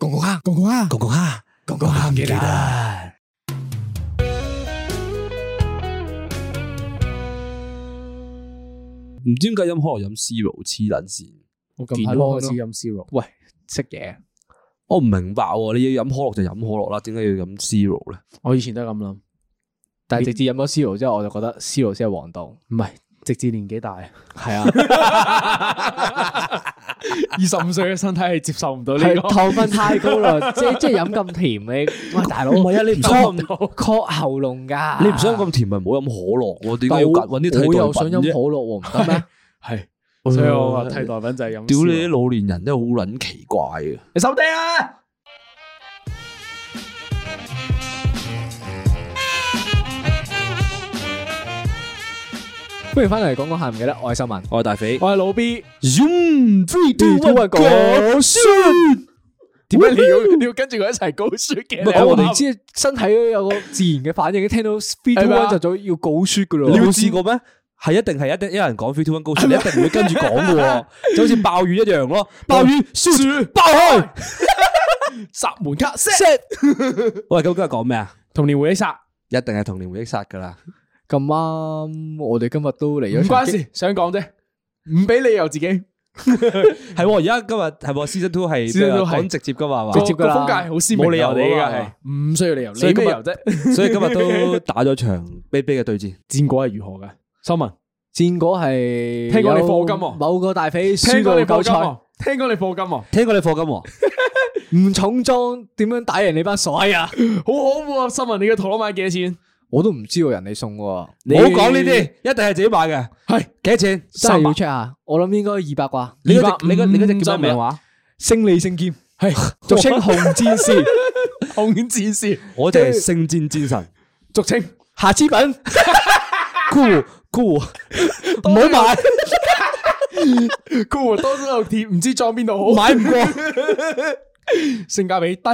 講講下，講講下，講講下，講講下，唔記得。唔知點解飲可樂飲 zero 黐撚線。我近排開始飲 zero。喂，識嘢。我唔明白喎，啊，你要飲可樂就飲可樂啦，點解要飲 zero 咧？我以前都係咁諗，但係直接飲咗 zero 之後，我就覺得 zero 先係王道。唔係。直至年紀大，係啊，二十五歲嘅身體係接受唔到呢個糖分太高啦，即係即係飲咁甜，你，哇大佬，唔係啊，你唔想咳喉嚨噶，你唔想咁甜咪唔好飲可樂喎，點解揾啲替代品啫？我又想飲可樂喎，唔得咩？係所以我話替代品就係飲。屌你啲老年人都好撚奇怪啊！你收嗲啊！歡迎翻嚟，講講下唔記得，我係秀文，我係大肥，我係老 B。Zoom three two one，講雪。點解你要你要跟住佢一齊講雪嘅？我哋知身體都有個自然嘅反應，聽到 three two one 就早要講雪噶啦。你冇試過咩？係一定係一定一人講 three two one 講雪，你一定唔會跟住講嘅，就好似暴雨一樣咯。暴雨，雪，爆開，閘門卡塞。喂，今日講咩啊？童年回憶殺，一定係童年回憶殺噶啦。咁啱，我哋今日都嚟咗。唔關事，想講啫，唔俾理由自己係。而家今日係 season two 係 season two 係咁直接嘅嘛嘛，個框架係好絲，冇理由嘅係，唔需要理由。所以理由啫？所以今日都打咗場卑卑嘅對戰，戰果係如何嘅？秀文戰果係聽講你課金，某個大肥，輸咗你九賽，聽講你課金，聽講你課金，唔重裝點樣打贏你班傻閪啊？好恐怖啊！秀文你嘅陀螺買幾多錢？我都唔知道人哋送喎。唔好講呢啲一定係自己買嘅。係幾多錢？三百出啊！我諗應該二百啩。你嗰隻你嗰你嗰隻叫咩名㗎？勝利聖劍係，俗稱紅戰士。紅戰士，我就係聖戰戰神，俗稱瑕疵品。cool cool，唔好買。cool 多咗條鐵，唔知裝邊度好。買唔過，性價比低，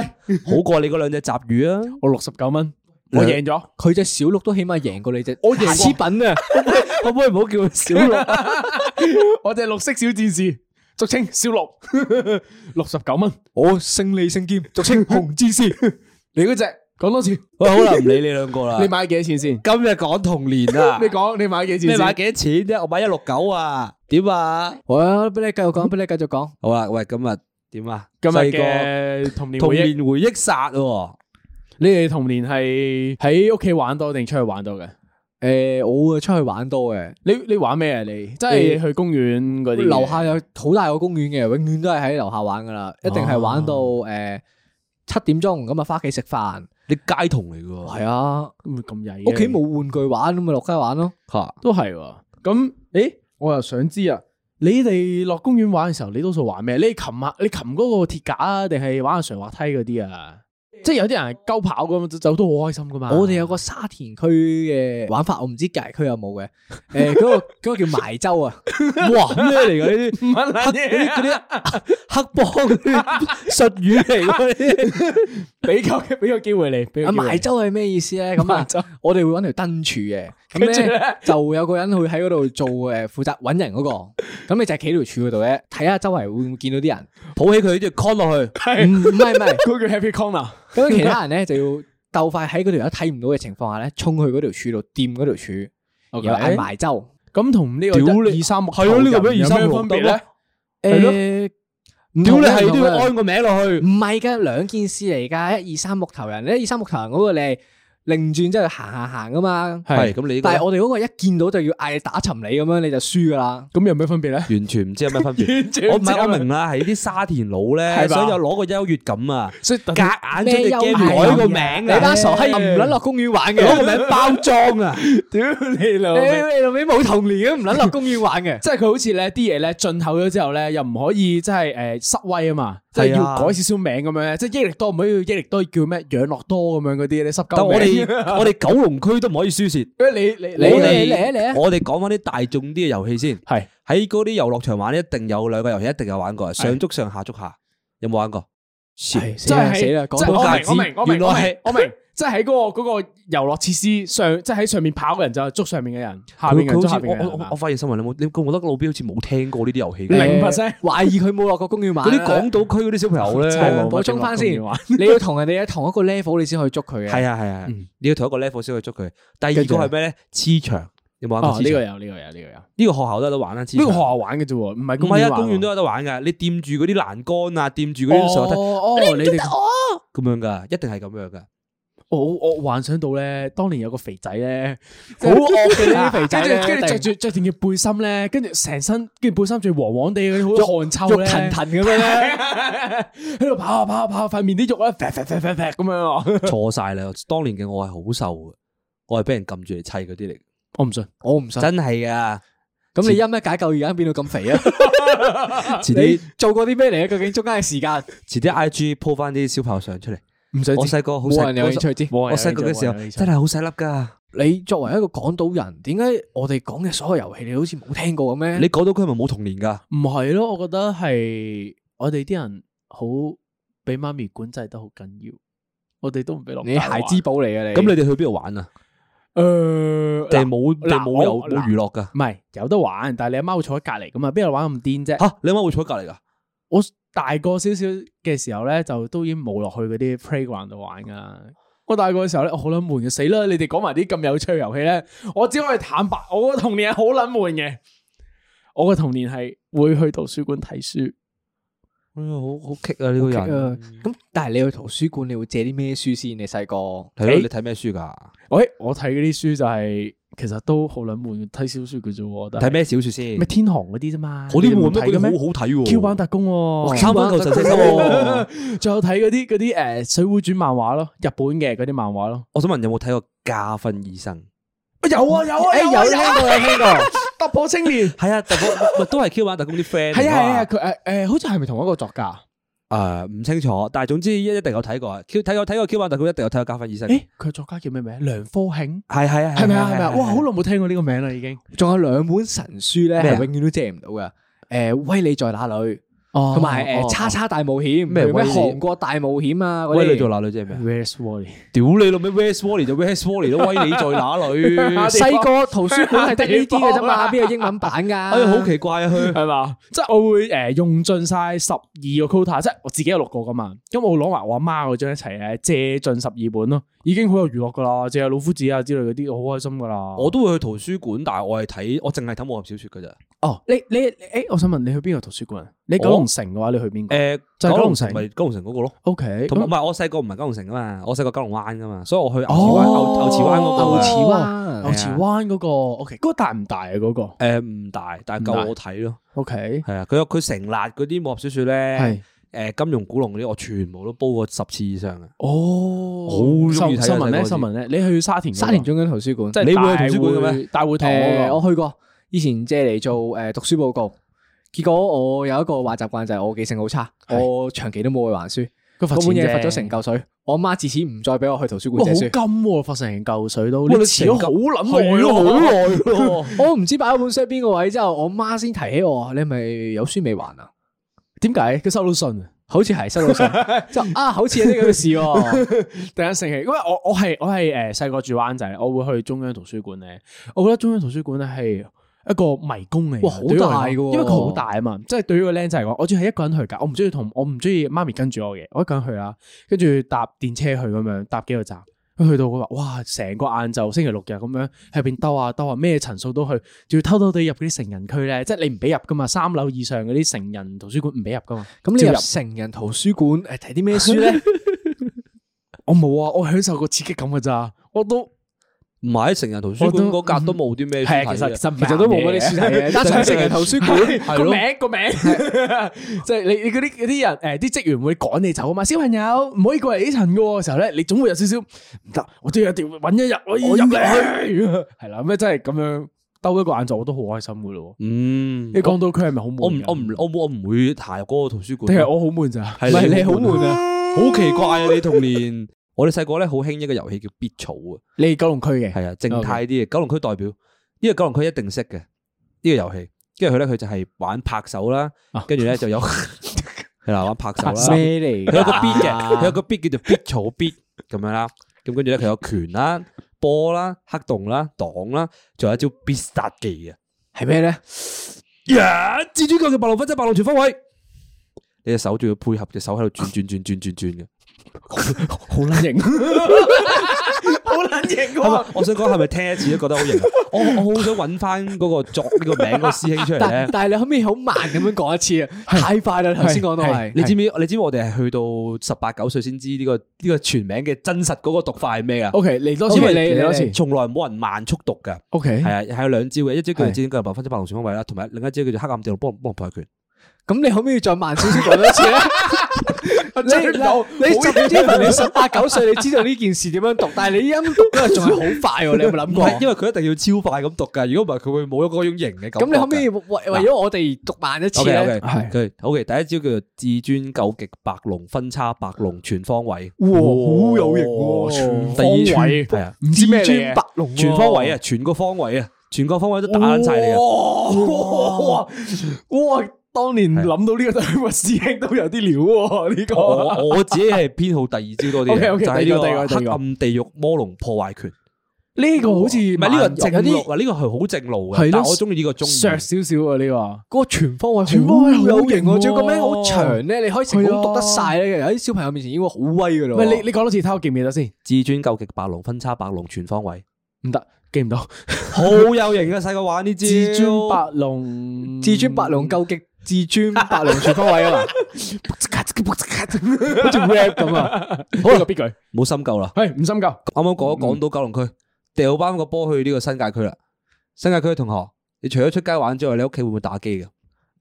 好過你嗰兩隻雜魚啊！我六十九蚊。我贏咗，佢隻小綠都起碼贏過你隻，我贏極品啊！可唔可以唔好叫佢小綠？我隻綠色小戰士，俗稱小綠，六十九蚊。我勝利勝劍，俗稱紅戰士。你嗰隻講多次，好啦，唔理你兩個啦。你買幾多錢先？今日講童年啊！你講你買幾多錢先？你買幾多錢啫？我買一六九啊，點啊？好啊，俾你繼續講，俾你繼續講。好啦，喂，今日點啊？今日嘅童年童年回憶殺。你哋童年係喺屋企玩多定出去玩多嘅？誒、呃，我會出去玩多嘅。你玩、呃、你玩咩啊？你即係去公園嗰啲？樓下有好大個公園嘅，永遠都係喺樓下玩噶啦，一定係玩到誒、啊呃、七點鐘咁啊，翻屋企食飯。你街童嚟嘅，係啊，咁曳。屋企冇玩具玩，咁咪落街玩咯。吓、啊，都係喎、啊。咁誒，欸、我又想知啊，你哋落公園玩嘅時候，你多數玩咩？你擒下你擒嗰個鐵架啊，定係玩下上滑梯嗰啲啊？即係有啲人係鳩跑咁走都好開心噶嘛？我哋有個沙田區嘅玩法，我有有，我唔知隔籬區有冇嘅。誒、嗰個，嗰、嗰個個叫埋州啊！哇，咩嚟嘅呢啲？唔係嗱啲嗰啲黑幫術語嚟嘅。俾個嘅俾個機會嚟。會埋州係咩意思咧？咁啊，埋州我哋會搵條燈柱嘅。咁咧就有個人會喺嗰度做誒，負責搵人嗰、嗰個。咁你就企條柱嗰度咧，睇下周圍會唔會見到啲人，抱起佢跟住 con 落去。係唔係唔係？佢、嗯、 叫 Happy Corner 咁其他人咧就要鬥快喺嗰條友睇唔到嘅情況下咧，衝去嗰條柱度掂嗰條柱，然後嗌埋州。咁同呢個一、二、三木係咯，呢個一、二、三有咩分別咧？誒，屌你係都要安個名落去，唔係嘅，兩件事嚟㗎。一、二、三木頭人，一、二、三木頭人嗰個你。擰轉之後行下行噶嘛，係咁你個。但係我哋嗰個一見到就要嗌打沉你咁樣，你就輸噶啦。咁有咩分別咧？完全唔知有咩分別。 不知不知我唔係我明啦，係啲沙田佬咧，係 嗎想有攞個優越感啊，所以夾硬將你改個名嘅。你班傻閪唔撚落公園玩嘅，攞 個名包裝啊！屌 你老屌你老味冇童年唔撚落公園玩嘅。 即係佢好似咧啲嘢咧進口咗之後咧，又唔可以即係誒失威啊嘛。呃呃係要改少少名咁樣，即係益力多唔可以叫益力多叫咩？養樂多咁樣嗰啲，你濕鳩我哋我哋九龍區都唔可以輸蝕。誒，你你你我哋嚟啊嚟啊！我哋講翻啲大眾啲嘅遊戲先。係喺嗰啲遊樂場玩，一定有兩個遊戲，一定有玩過，上足上下足下，有冇玩過？係真係死啦！講到戒指，原來係我明。即係喺嗰個嗰個遊樂設施上，即係喺上面跑嘅人就捉上面嘅人，下面嘅人捉上面嘅人。我我發現秀文你冇，你覺得老逼好似冇聽過呢啲遊戲嘅。零 percent 懷疑佢冇落過公園玩。嗰啲港島區嗰啲小朋友咧，我補充翻先。你要同人哋喺同一個 level，你先可以捉佢嘅。係啊係啊，你要同一個 level 先可以捉佢。第二個係咩咧？黐牆，你玩唔玩？啊，呢個有呢個有呢個有。呢個學校都有得玩啦。呢個學校玩嘅啫，唔係唔係啊，公園都有得玩噶。你掂住嗰啲欄杆啊，掂住嗰啲上梯。你唔咁樣噶，一定係咁樣噶。我我幻想到咧，當年有個肥仔咧，好憨嘅肥仔跟住跟住，着住件背心咧，跟住成身跟住，背心仲黃黃地嘅，好汗臭咧，肉騰騰咁樣咧，喺度跑啊跑啊跑啊，塊面啲肉咧，肥肥肥肥肥咁樣哦，錯晒啦！當年嘅我係好瘦嘅，我係俾人撳住嚟砌嗰啲嚟，我唔信，我唔信，真係噶！咁你因咩解救而家變到咁肥啊？遲啲，做過啲咩嚟啊？究竟中間嘅時間，遲啲 IG 鋪翻啲小朋友相出嚟。冇人有興趣知，我細個好細個嘅時候，真係好細粒噶。你作為一個港島人，點解我哋講嘅所有遊戲，你好似冇聽過嘅咩？你講到佢係咪冇童年噶？唔係咯，我覺得係我哋啲人好俾媽咪管制得好緊要，我哋都唔俾落你。孩之寶嚟嘅你，咁你哋去邊度玩啊？誒，定冇定冇有冇娛樂噶？唔係有得玩，但係你阿媽會坐喺隔籬噶嘛？邊度玩咁癲啫？吓，你阿媽會坐喺隔籬噶？我大個少少嘅時候咧，就都已經冇落去嗰啲 playground 度玩噶。我大個嘅時候咧，好捻悶嘅，死啦！你哋講埋啲咁有趣嘅遊戲咧，我只可以坦白，我個童年係好捻悶嘅。我個童年係會去圖書館睇書。哎呀，好好激啊呢個人！咁、啊啊嗯、但係你去圖書館，你會借啲咩書先？你細個？係咯起，你睇咩書噶？誒，Okay, 我睇嗰啲書就係、是。其實都好撚悶睇小說嘅啫，睇咩小說先？咩天航嗰啲啫嘛，嗰啲冇睇嘅咩？好好睇，Q 版特工，三分球神射手，仲有睇嗰啲嗰啲誒水滸傳漫畫咯，日本嘅嗰啲漫畫咯。我想問有冇睇過加分醫生？有啊有啊有有聽過，突破青年係啊，突破都係 Q 版特工啲 friend。係啊係啊，佢誒誒，好似係咪同一個作家？誒，唔、呃、清楚，但係總之一定一,一定有睇過啊，Q 睇過睇過 Q 版，但佢一定有睇過《加法醫生》欸。誒，佢作家叫咩名？梁科慶，係係係，係咪係咪？哇，好耐冇聽過呢個名啦，已經。仲有兩本神書咧，係麼永遠都借唔到噶。誒、呃，威利在哪裡？哦，同埋誒，叉叉大冒險咩咩韓國大冒險啊，威你做哪裡即係咩？Where's Wally？屌你老味，咩 Where's Wally 就 Where's Wally 咯，威你做哪裡？細個圖書館係得呢啲嘅啫嘛，邊 西哥有英文版噶？哎呀，好奇怪啊，係嘛？吧即係我會誒用盡晒十二個 quota，即係我自己有六個噶嘛，咁我攞埋我阿媽嗰張一齊誒借盡十二本咯。已經好有娛樂噶啦，淨係老夫子啊之類嗰啲，好開心噶啦。我都會去圖書館，但係我係睇，我淨係睇武俠小說噶咋。哦，你你誒，我想問你去邊個圖書館啊？你九龍城嘅話，你去邊個？誒，就九龍城，咪九龍城嗰個咯。O K，同埋我細個唔係九龍城噶嘛，我細個九龍灣噶嘛，所以我去牛池灣，牛池灣嗰個。牛池灣，牛池灣嗰個。O K，嗰個大唔大啊？嗰個？誒，唔大，但係夠我睇咯。O K，係啊，佢佢成立嗰啲武俠小說咧。誒金融古龍嗰啲，我全部都煲過十次以上啊！哦，好，新聞咧，新聞咧，你去沙田沙田中央圖書館，即係你會去圖書館嘅咩？大會堂我去過。以前即係嚟做誒讀書報告，結果我有一個壞習慣，就係我記性好差，我長期都冇去還書。佢罰錢嘢罰咗成嚿水。我媽自此唔再俾我去圖書館。好金喎，罰成嚿水都，你都好諗住，去咗好耐。我唔知擺喺本書邊個位，之後我媽先提起我，你咪有書未還啊？點解？佢收到信，好似係收到信， 就啊，好似有啲咁嘅事，啊。 突然間醒起，因為我我係我係誒細個住灣仔，我會去中央圖書館咧。我覺得中央圖書館咧係一個迷宮嚟，好大噶因為佢好大啊嘛。即係 對於個僆仔嚟講，我中意係一個人去噶，我唔中意同我唔中意媽咪跟住我嘅，我一個人去啦。跟住搭電車去咁樣，搭幾個站。佢去到佢話哇成個晏晝星期六日咁樣，喺入邊兜下兜下，咩層數都去，仲要偷偷地入嗰啲成人區咧，即係你唔俾入噶嘛，三樓以上嗰啲成人圖書館唔俾入噶嘛。咁你入成人圖書館，誒睇啲咩書咧？我冇啊，我享受個刺激感噶咋，我都。唔係喺成人圖書館嗰格都冇啲咩書，其實都冇嗰啲書。但係成人圖書館個名個名，即係你你嗰啲啲人誒，啲職員會趕你走啊嘛。小朋友唔可以過嚟呢層嘅時候咧，你總會有少少唔得。我都要點搵一日我要入嚟。係啦，咁啊真係咁樣兜一個晏晝，我都好開心噶咯。嗯，你講到佢係咪好悶？我唔我唔我我唔會行入嗰個圖書館，定係我好悶咋？係你好悶啊，好奇怪啊！你童年。我哋細個咧，好興一個遊戲叫咇儲啊！你係九龍區嘅，係啊，正態啲嘅。九龍區代表，呢個九龍區一定識嘅呢個遊戲。跟住佢咧，佢就係玩拍手啦，跟住咧就有係啦，玩拍手啦。咩嚟？佢有個 beat 嘅，佢有個 beat 叫做咇儲 beat 咁樣啦。咁跟住咧，佢有拳啦、波啦、黑洞啦、擋啦，仲有一招必殺技嘅。係咩咧？呀！至尊教嘅白龍分身，白龍全方位。你隻手仲要配合隻手喺度轉轉轉轉轉轉嘅。好難型，好難型。係咪？我想講係咪聽一次都覺得好型？我我好想揾翻嗰個作呢個名嗰個師兄出嚟但係你可唔可以好慢咁樣講一次啊，太快啦！頭先講到係。你知唔知？你知唔知？我哋係去到十八九歲先知呢個呢個全名嘅真實嗰個讀法係咩啊？O K，嚟多次，你嚟多次，從來冇人慢速讀噶。O K，係啊，係有兩招嘅，一招叫唔知點講，百分之百同全方位啦，同埋另一招叫做黑暗地牢波波派拳。咁你可唔可以再慢少少講多次咧。你， 你知唔知？ 你十八九歲，你知道呢件事點樣讀？但係你音讀得仲係好快，你有冇諗過？ 因為佢一定要超快咁讀噶，如果唔係，佢會冇咗嗰種型嘅感覺。咁你後屘為為咗我哋讀慢一次咧？O K，好第一招叫做至尊究極白龍分叉白龍全方位，好哇哇有型喎！全方位係啊，唔知咩白龍全方位 1全啊全方位，全個方位啊，全個方位都打爛晒你啊！哇哇哇當年諗到呢個師兄都有啲料呢個，我自己係偏好第二招多啲，就係呢個黑暗地獄魔龍破壞拳。呢個好似唔係呢個正路啊，呢個係好正路嘅。但我中意呢個中意，削少少啊呢個。嗰個全方位全方位好有型啊！仲要個名好長咧，你可以成功讀得晒咧。喺小朋友面前應該好威噶咯。唔係，你你講多次睇我記唔記得先？至尊究極白龍分叉白龍全方位唔得，記唔到，好有型啊，細個玩呢招。至尊白龍，至尊白龍究極。自尊百零處方位啊嘛， 好似 rap 咁啊！好啦逼句，冇深究啦。喂、欸，唔深究。啱啱講講到九龍區，掉翻、嗯、個波去呢個新界區啦。新界區嘅同學，你除咗出街玩之外，你屋企會唔會打機㗎？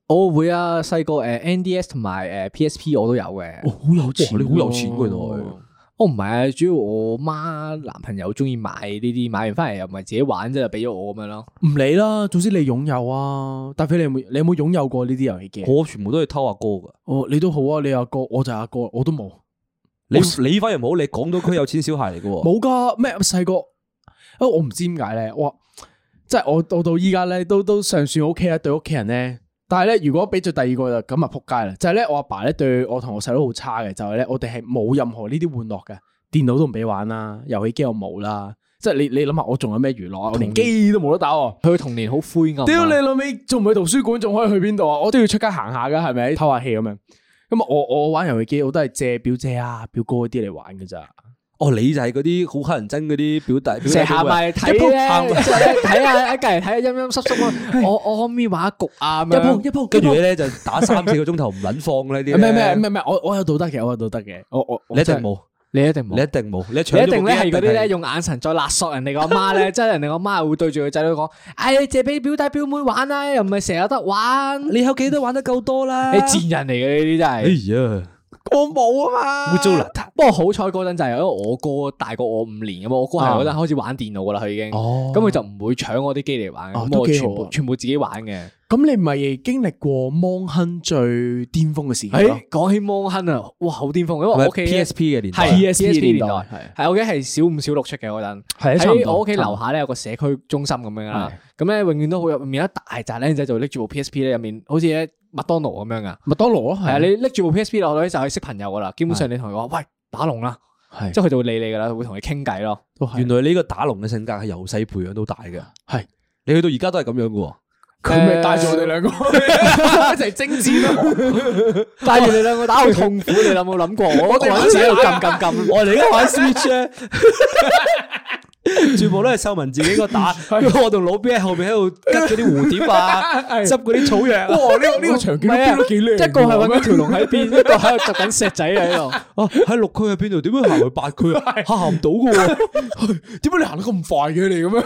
我會啊，細個誒、呃、NDS 同埋誒、呃、PSP 我都有嘅。我好、哦、有錢，你好有錢原來。我唔係啊，主要我媽男朋友中意買呢啲，買完翻嚟又唔係自己玩即係俾咗我咁樣咯。唔理啦，總之你擁有啊。但係你有冇？你有冇擁有過呢啲遊戲機？我全部都係偷阿哥噶。哦，你都好啊，你阿哥，我就阿哥，我都冇你我。你你反而冇？你講到佢有錢小孩嚟噶？冇噶， 咩細個啊？我唔知點解咧。哇，即係我到到依家咧都都尚算 OK 啊，對屋企人咧。但係咧，如果比咗第二個就咁啊，扑街啦！就係咧，我阿爸咧對我同我細佬好差嘅，就係咧，我哋係冇任何呢啲玩樂嘅，電腦都唔俾玩啦，遊戲機又冇啦。即係你你諗下，年我仲有咩娛樂啊？我連機都冇得打喎。佢童年好灰暗。屌你老尾，仲唔去圖書館？仲可以去邊度啊？我都要出街行下噶，係咪？偷下氣咁樣。咁啊，我我玩遊戲機，我都係借表姐啊、表哥啲嚟玩㗎咋。哦，你就係嗰啲好乞人憎嗰啲表弟、表妹，成日埋嚟睇咧，睇下一隔籬睇下陰陰濕濕啊！我可唔可以玩一局啊咁樣，跟住咧就打三四個鐘頭唔撚放呢啲。咩咩？唔係我我有道德嘅，我有道德嘅。我我你一定冇，你一定冇，你一定冇，你一定咧係啲咧用眼神再勒索人哋個媽咧，即係人哋個媽係會對住個仔女講：，哎，借俾表弟表妹玩啦，又唔係成日得玩，你喺屋企都玩得夠多啦。你賤人嚟嘅呢啲真係。我冇啊嘛，污糟邋遢。不過好彩嗰陣就係因為我哥大過我五年咁啊，我哥係嗰陣開始玩電腦噶啦，佢已經，咁佢就唔會搶我啲機嚟玩，全部全部自己玩嘅。咁你唔係經歷過芒亨最巔峰嘅時期咯？講起芒亨啊，哇好巔峰，因為我屋企 P S P 嘅年代，P S P 年代係我記得係小五小六出嘅嗰陣，喺我屋企樓下咧有個社區中心咁樣啦，咁咧永遠都好入面一大紮靚仔就拎住部 P S P 咧入面，好似咧。麥當勞咁樣噶，麥當勞咯，係啊，你拎住部 PSP 落去就可以識朋友噶啦。基本上你同佢話喂，打龍啦，的即係佢就會理你噶啦，會同你傾偈咯。哦、原來你呢個打龍嘅性格係由細培養的、哎、到大嘅，係你去到而家都係咁樣噶。佢咪帶住我哋兩個一齊征戰咯，帶住你兩個打好痛苦，你有冇諗過我一個人自己喺度撳撳撳，我哋而家玩 Switch 咧。全部都係秀文自己個打，因為我同老 B 喺後邊喺度吉嗰啲蝴蝶啊，執嗰啲草藥。哇，呢個呢個場景都幾靚。一個係搵一條龍喺邊，一個喺度執緊石仔喺度。喺六區喺邊度？點樣行去八區啊？行唔到噶。點解你行得咁快嘅你咁樣？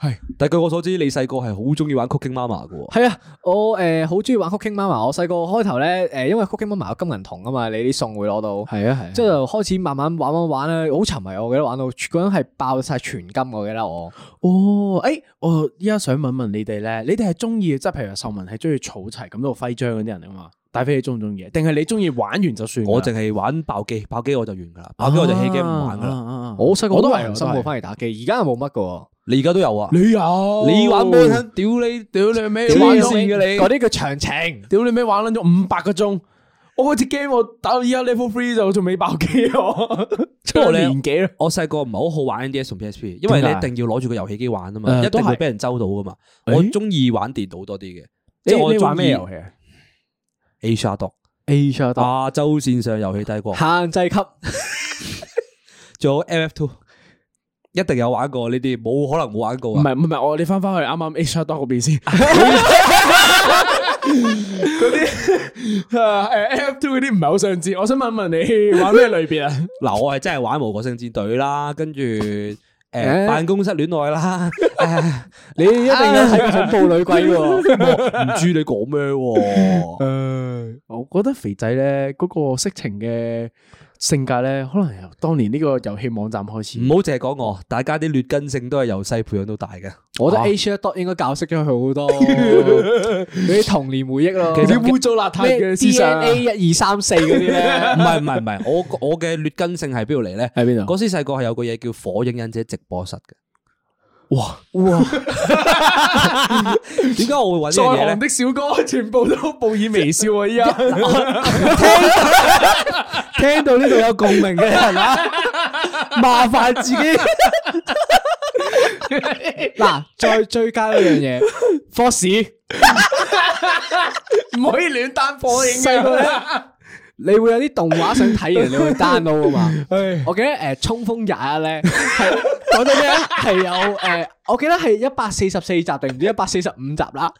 係。但係據我所知，你細個係好中意玩 Cooking Mama 噶。係啊，我誒好中意玩 Cooking Mama。我細個開頭咧，誒，因為 Cooking Mama 有金銀銅啊嘛，你啲餸會攞到。係啊係。即係就開始慢慢玩玩玩咧，好沉迷。我記得玩到嗰陣係爆晒。全金我嘅啦，我哦，誒，我依家想問問你哋咧，你哋係中意，即係譬如話秀文係中意儲齊咁多徽章嗰啲人啊嘛，大飛你中唔中意？定係你中意玩完就算？我淨係玩爆機，爆機我就完噶啦，爆機我就棄機唔玩噶啦。我細個我都係辛苦翻嚟打機，而家係冇乜噶喎，你而家都有啊？你有？你玩冇？屌你，屌你咩？天線嘅你，嗰啲叫長情。屌你咩？玩捻咗五百個鐘。我嗰隻 game 我打到而家 level three 就仲未爆機， 我不我年紀，我細個唔係好好玩 NDS 同 PSP，因為你一定要攞住個遊戲機玩啊嘛，呃、一定係俾人周到噶嘛。呃、我中意玩電腦多啲嘅，你即係我玩咩遊戲啊 Asia 度，Asia 度，亞 Asia Dog, 洲線上遊戲低國，限制級，仲 有 MF two，一定有玩過。呢啲，冇可能冇玩過，唔係唔係，我你翻翻去啱啱 Asia 度入面先。 嗰啲誒，F two 嗰啲唔係好想知，我想問一問你玩咩類別啊？嗱、啊，我係真係玩《無國性戰隊》啦，跟住誒辦公室戀愛啦，uh, 你一定要係恐怖女鬼喎，唔、啊啊、 知你講咩、啊？誒，uh, 我覺得肥仔咧嗰、嗰個色情嘅。性格咧，可能由當年呢個遊戲網站開始。唔好淨係講我，大家啲劣根性都係由細培養到大嘅。我覺得 H 一 dot、啊、應該教識咗佢好多，你啲 童年回憶咯。其實污糟邋遢嘅思想。你，D N A 一二三四嗰啲咧，唔係唔係唔係，我我嘅劣根性係邊度嚟咧？喺邊度？嗰時細個係有個嘢叫《火影忍者》直播室嘅。哇哇！點解 我會搵呢樣嘢在行的小哥全部都報以微笑啊！依家 聽到呢度有共鳴嘅人啊，麻煩自己嗱 再，再追加一樣嘢，火屎唔可以亂單火影嘅。 你會有啲動畫想睇完你會 download 啊嘛？我記得誒，衝鋒廿一咧係講到咩啊？係有誒，我記得係一百四十四集定唔知一百四十五集啦。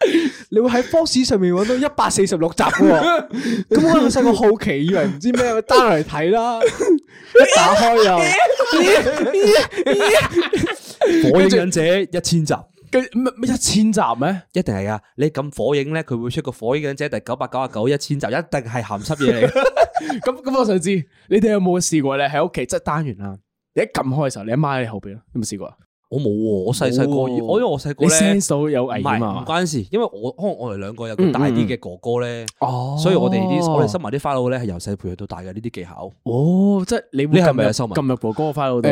你會喺 Flash 上面搵到一百四十六集喎，哦。咁 我細個好奇以為唔知咩，down 嚟睇啦。一打開又 火影忍者一千集。乜一千集咩？一定係啊、 嗯！你撳火影咧，佢會出個火影忍者第九百九啊九一千集，一定係鹹濕嘢嚟。咁、嗯、咁、嗯、我想知，你哋有冇試過咧？喺屋企即係單元啊！你一撳開嘅時候，你阿媽喺後邊咯，有冇試過啊？我冇，我細細個，啊、我因為我細個咧聲數有危險唔、啊、關事，因為我可能我哋兩個有個大啲嘅哥哥咧，嗯嗯哦、所以我哋啲我哋收埋啲花佬咧係由細培養到大嘅呢啲技巧。哦，即係你會近日你係咪咪收埋？今日哥哥花佬誒，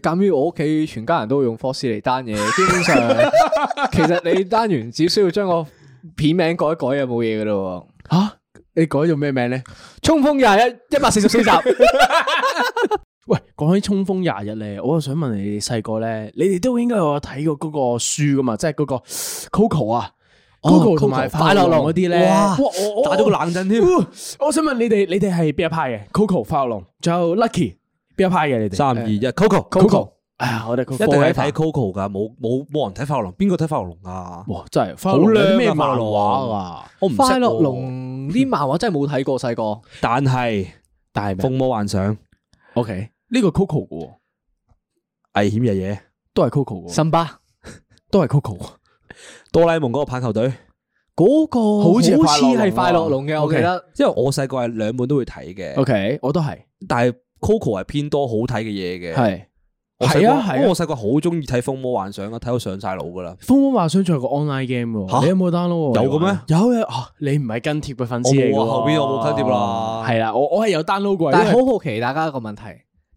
鑒於、欸、我屋企全家人都會用科斯嚟單嘢，基本上 其實你單完只需要將個片名改一，改一改就冇嘢噶啦。吓、啊，你改咗咩名咧？衝鋒廿一一百四十四集。 喂，講起衝鋒廿日咧，我又想問你細個咧，你哋都應該有睇過嗰個書噶嘛？即係嗰個 Coco 啊，Coco 同埋快樂龍嗰啲咧，打咗個冷震添。我想問你哋，你哋係邊一派嘅？Coco 快樂龍仲有 Lucky 邊一派嘅？你哋三二一，Coco，Coco。哎呀，我哋一定睇 Coco 噶，冇冇冇人睇快樂龍，邊個睇快樂龍啊？哇，真係好靚啊！咩漫畫啊？我唔快樂龍啲漫畫真係冇睇過細個，但係但係父母幻想，OK。呢個 Coco 嘅，危險嘅嘢,都係 Coco，辛巴都係 Coco，哆啦 A 夢嗰個棒球隊嗰個好似係快樂龍嘅，我記得，因為我細個係兩本都會睇嘅。O K，我都係，但係 Coco 係偏多好睇嘅嘢嘅，係係啊係啊，我細個好中意睇《風魔幻想》啊，睇到上晒腦噶啦，《風魔幻想》仲有個 online game，你有冇 download？有嘅咩？有嘅啊！你唔係跟貼嘅粉絲嚟嘅，後邊我冇跟貼啦，係啦，我我係有 download 過，但係好好奇大家一個問題。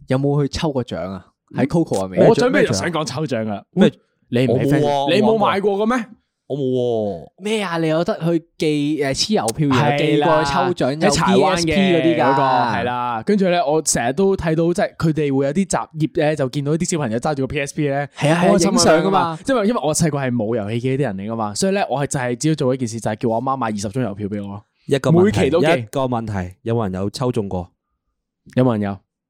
有冇去抽過獎啊？喺 Coco 啊？未，我最咩就想講抽獎啊！咩？你唔你冇買過嘅咩？我冇咩啊？你有得去寄誒？黐郵票寄過去抽獎嘅 PSP 嗰啲噶係啦。跟住咧，我成日都睇到即係佢哋會有啲雜誌咧，就見到啲小朋友揸住個 PSP 咧，係啊，影相噶嘛。因為因為我細個係冇遊戲機啲人嚟噶嘛，所以咧，我係就係只要做一件事，就係叫我阿媽買二十張郵票俾我。每期都一個問題，有冇人有抽中過？有冇人有？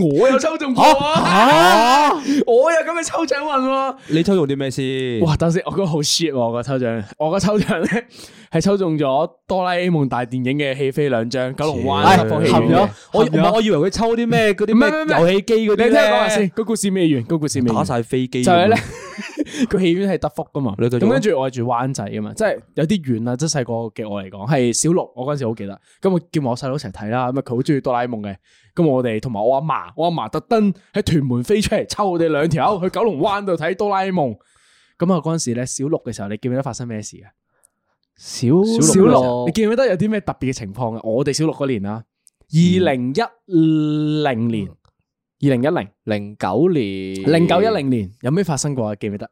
我又抽中過啊！我又咁嘅抽獎運喎。你抽中啲咩先？哇！等先，我覺得好 shit。我個抽獎，我個抽獎呢係抽中咗《哆啦 A 夢大電影》嘅戲飛兩張，九龍灣德福戲院。含咗我，我以為佢抽啲咩嗰啲咩遊戲機啲。你聽我講下先。個故事未完，個故事未打晒飛機就係咧，個戲院係德福噶嘛。咁跟住我住灣仔噶嘛，即係有啲遠啦。即係細個嘅我嚟講，係小六，我嗰陣時好記得。咁我叫埋我細佬一齊睇啦。咁啊，佢好中意哆啦 A 夢嘅。咁我哋同埋我阿嫲，我阿嫲特登喺屯門飛出嚟，抽我哋兩條去九龍灣度睇哆啦 A 夢。咁啊，嗰陣時咧，小六嘅時候，你記唔記得發生咩事啊？小六，小六你記唔記得有啲咩特別嘅情況啊？我哋小六嗰年啦，二零一零年，二零一零零九年，零九一零年，有咩發生過啊？記唔記得？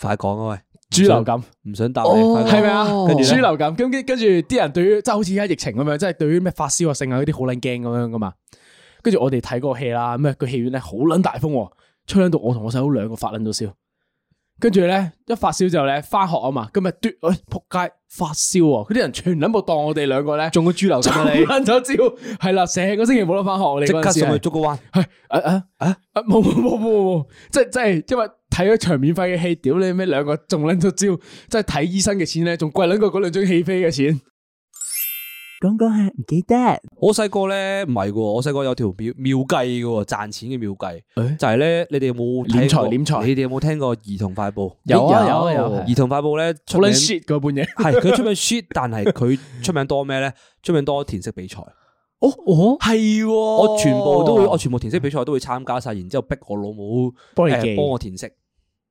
快講啊，喂！豬流感唔想答你，係咪啊？豬流感，咁跟住啲人對於即係好似而家疫情咁樣，即係對於咩發燒啊、性啊嗰啲好撚驚咁樣噶嘛？跟住我哋睇個戲啦，咩、嗰個戲院咧好撚大風，吹到我同我細佬兩個發撚到燒。跟住咧，一發燒之後咧，翻學啊嘛，今日嘟，哎，撲街發燒喎！佢啲人全諗到當我哋兩個咧，中個豬流感咧。撚咗招，係啦，成個星期冇得翻學。我哋即刻上去捉個彎。係，啊啊啊，冇冇冇冇冇，即係即係，因為睇咗場免費嘅戲，屌你咩，兩個仲撚咗招，即係睇醫生嘅錢咧，仲貴捻過嗰兩張戲飛嘅錢。講講係唔記得，我細個咧唔係噶，我細個有條妙妙計噶，賺錢嘅妙計就係咧，你哋有冇？斂財斂財，你哋有冇聽過兒童快報？有啊有啊有。兒童快報咧出名 shit 嗰本嘢，係佢出名 shit，但係佢出名多咩咧？出名多填色比賽。哦哦，係我全部都會，我全部填色比賽都會參加晒，然之後逼我老母幫幫我填色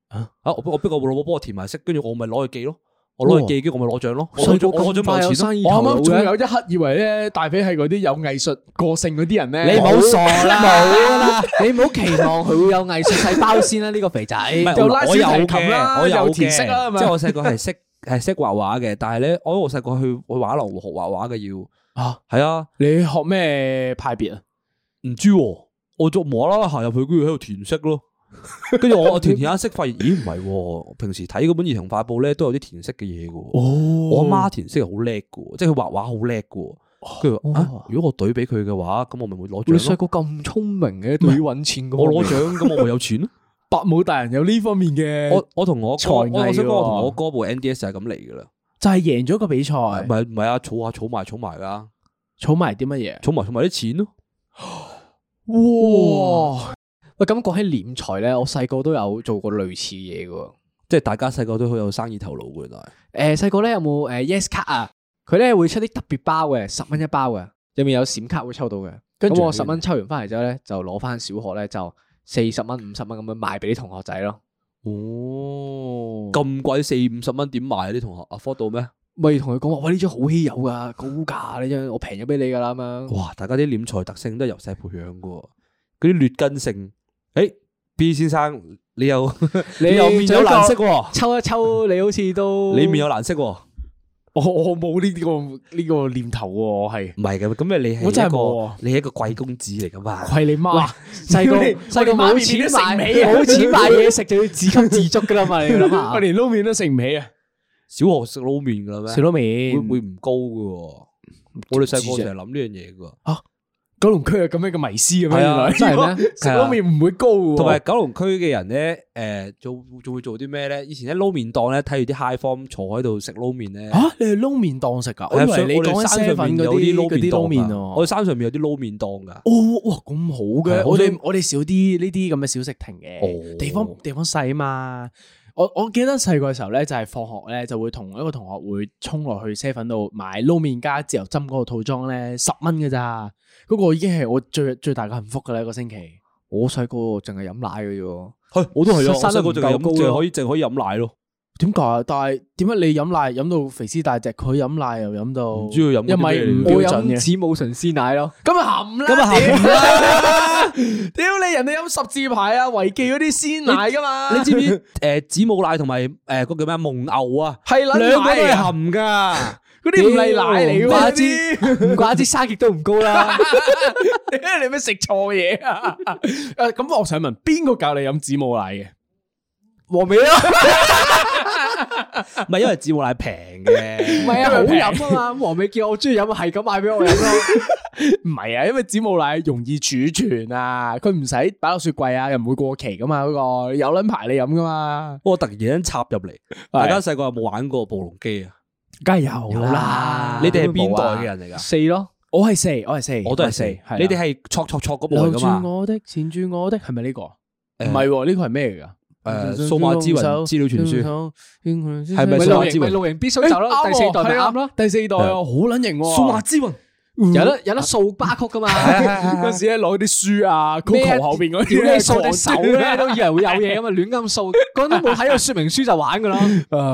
啊啊！我逼我老母幫我填埋色，跟住我咪攞去記咯。我攞嚟寄，跟住我咪攞獎咯。我攞咗萬有錢咯。我啱啱仲有一刻以為咧，大肥係嗰啲有藝術個性嗰啲人咧。你唔好傻啦，你唔好期望佢會有藝術細胞先啦。呢個肥仔，我有嘅，我有填色啦。即係我細個係識係識畫畫嘅，但係咧，我我細個去去畫廊學畫畫嘅要啊，係啊。你學咩派別啊？唔知，我就無啦啦行入去，跟住喺度填色咯。跟住我我填填下色，發現咦唔係，平時睇嗰本《兒童快報》咧都有啲填色嘅嘢噶。哦，我阿媽填色係好叻噶，即係佢畫畫好叻噶。跟住啊，如果我對比佢嘅話，咁我咪會攞獎？你細個咁聰明嘅，要搵錢，我攞獎咁我咪有錢咯。伯母大人有呢方面嘅，我我同我哥，同我哥部 NDS 係咁嚟噶啦，就係贏咗個比賽。唔係唔係啊，儲下儲埋儲埋啦，儲埋啲乜嘢？儲埋儲埋啲錢咯。哇！喂，咁講起斂財咧，我細個都有做過類似嘢噶，即係大家細個都好有生意頭腦噶，原來。誒，細個咧有冇誒、呃、，Yes 卡啊？佢咧會出啲特別包嘅，十蚊一包嘅，入面有閃卡會抽到嘅。跟住我十蚊抽完翻嚟之後咧，就攞翻小學咧就四十蚊、五十蚊咁樣賣俾啲同學仔咯。哦，咁貴四五十蚊點賣啊？啲同學阿科到咩？咪同佢講話，喂，呢張好稀有噶，高價呢張，我平咗俾你噶啦咁樣。哇！大家啲斂財特性都係由細培養噶，嗰啲劣根性。誒，B 先生，你有你有變咗藍色喎？抽一抽，你好似都你面有藍色喎？我我冇呢個呢個念頭喎，係唔係嘅？咁咪你係我真係冇，你係一個貴公子嚟噶嘛？貴你媽，細個細個冇錢買，冇錢買嘢食就要自給自足噶啦嘛？你諗下，我連撈麵都食唔起啊！小學食撈麵噶啦咩？食撈麵會唔會唔高噶？我哋細個成日諗呢樣嘢噶。九龍區有咁樣嘅迷思咁樣，係啊，真係咩？食撈麵唔會高、啊，同埋九龍區嘅人咧，誒、呃，做仲會做啲咩咧？以前喺撈麵檔咧，睇住啲 high form 坐喺度食撈麵咧。吓、啊，你係撈麵檔食噶？我以為、嗯、你講喺西粉嗰啲撈麵檔。我哋山上面、啊、有啲撈麵檔噶。哦，哇，咁好噶！我哋我哋少啲呢啲咁嘅小食亭嘅、哦、地方地方細啊嘛。我我記得細個嘅時候咧，就係放學咧，就會同一個同學會衝落去西粉度買撈麵加自由針嗰個套裝咧，十蚊噶咋。嗰個已經係我最最大嘅幸福噶啦，一個星期。我細個淨係飲奶嘅啫，係我都係我細個淨係可以淨可以飲奶咯。點解？但係點解你飲奶飲到肥屍大隻，佢飲奶又飲到？主要飲一咪唔標準子母純鮮奶咯。咁啊含啦，咁啊含啦。屌你！人哋飲十字牌啊、維記嗰啲鮮奶噶嘛？你知唔知？誒，子母奶同埋誒個叫咩蒙牛啊？係啦，兩個都係含噶。嗰啲唔係奶嚟嘅，唔怪之，唔怪之，生極都唔高啦。你咩食錯嘢啊？咁我想問，邊個教你飲子母奶嘅？黃尾咯，唔係因為子母奶平嘅，唔係啊，好飲啊嘛。黃尾叫我中意飲，係咁買俾我飲咯。唔係啊，因為子母奶容易儲存啊，佢唔使擺落雪櫃啊，又唔會過期噶嘛。嗰個有撚排你飲噶嘛。我突然間插入嚟，大家細個有冇玩過暴龍機啊？梗係有啦，你哋係邊代嘅人嚟噶？四咯，我係四，我係四，我都係四。你哋係挫挫挫部冇嘅嘛？留住我的，纏住我的，係咪呢個？唔係，呢個係咩嚟噶？誒，數碼之魂資料傳輸，係咪露營？之露營必修集咯，第四代啊，第四代好撚型喎！數碼之魂。有得有得掃巴曲噶嘛？嗰時咧攞啲書啊，CoCo 後邊嗰啲掃啲手咧，都以為會有嘢咁啊，亂咁掃，嗰啲冇睇個說明書就玩噶咯。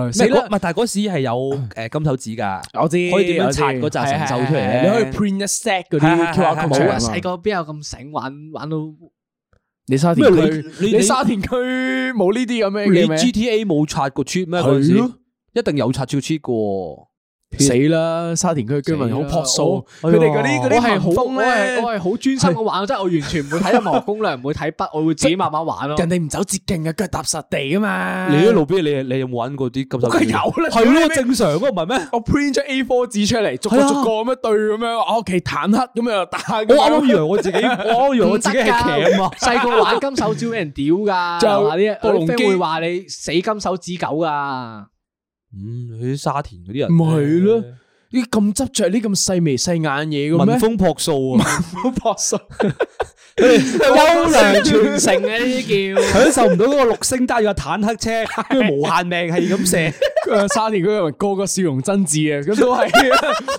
誒，死啦！唔係，但係嗰時係有誒金手指噶，我知可以點樣拆嗰扎神獸出嚟咧？你可以 print 一 set 嗰啲 Q Q。細個邊有咁醒玩玩到？你沙田區，你你沙田區冇呢啲咁樣嘅咩？GTA 冇拆過 cheat 咩？係咯，一定有拆過 cheat 過。死啦！沙田區居民好樸素，佢哋嗰啲嗰啲盲鋒我係好專心嘅，玩，即係我完全唔會睇攻略咧，唔會睇筆，我會自己慢慢玩咯。人哋唔走捷徑嘅，腳踏實地啊嘛！你喺路邊，你你有冇玩過啲金手指？有，係咯，正常啊，唔係咩？我 print 出 A4 紙出嚟，逐個逐個咁樣對咁樣，我屋企坦克咁樣打。我以為我自己，我以為我自己係騎啊嘛！細個玩金手指俾人屌噶，就啲暴龍機我 friend 會話你死金手指狗噶。嗯，去啲沙田嗰啲人。唔係咯。嗯你咁執着啲咁細微細眼嘢嘅咩？民風樸素啊，民風樸素，優良傳承啊，呢啲叫享受唔到嗰個六星帶住個坦克車無限命係咁射。佢誒，沙田嗰日個個笑容真摯啊，咁都係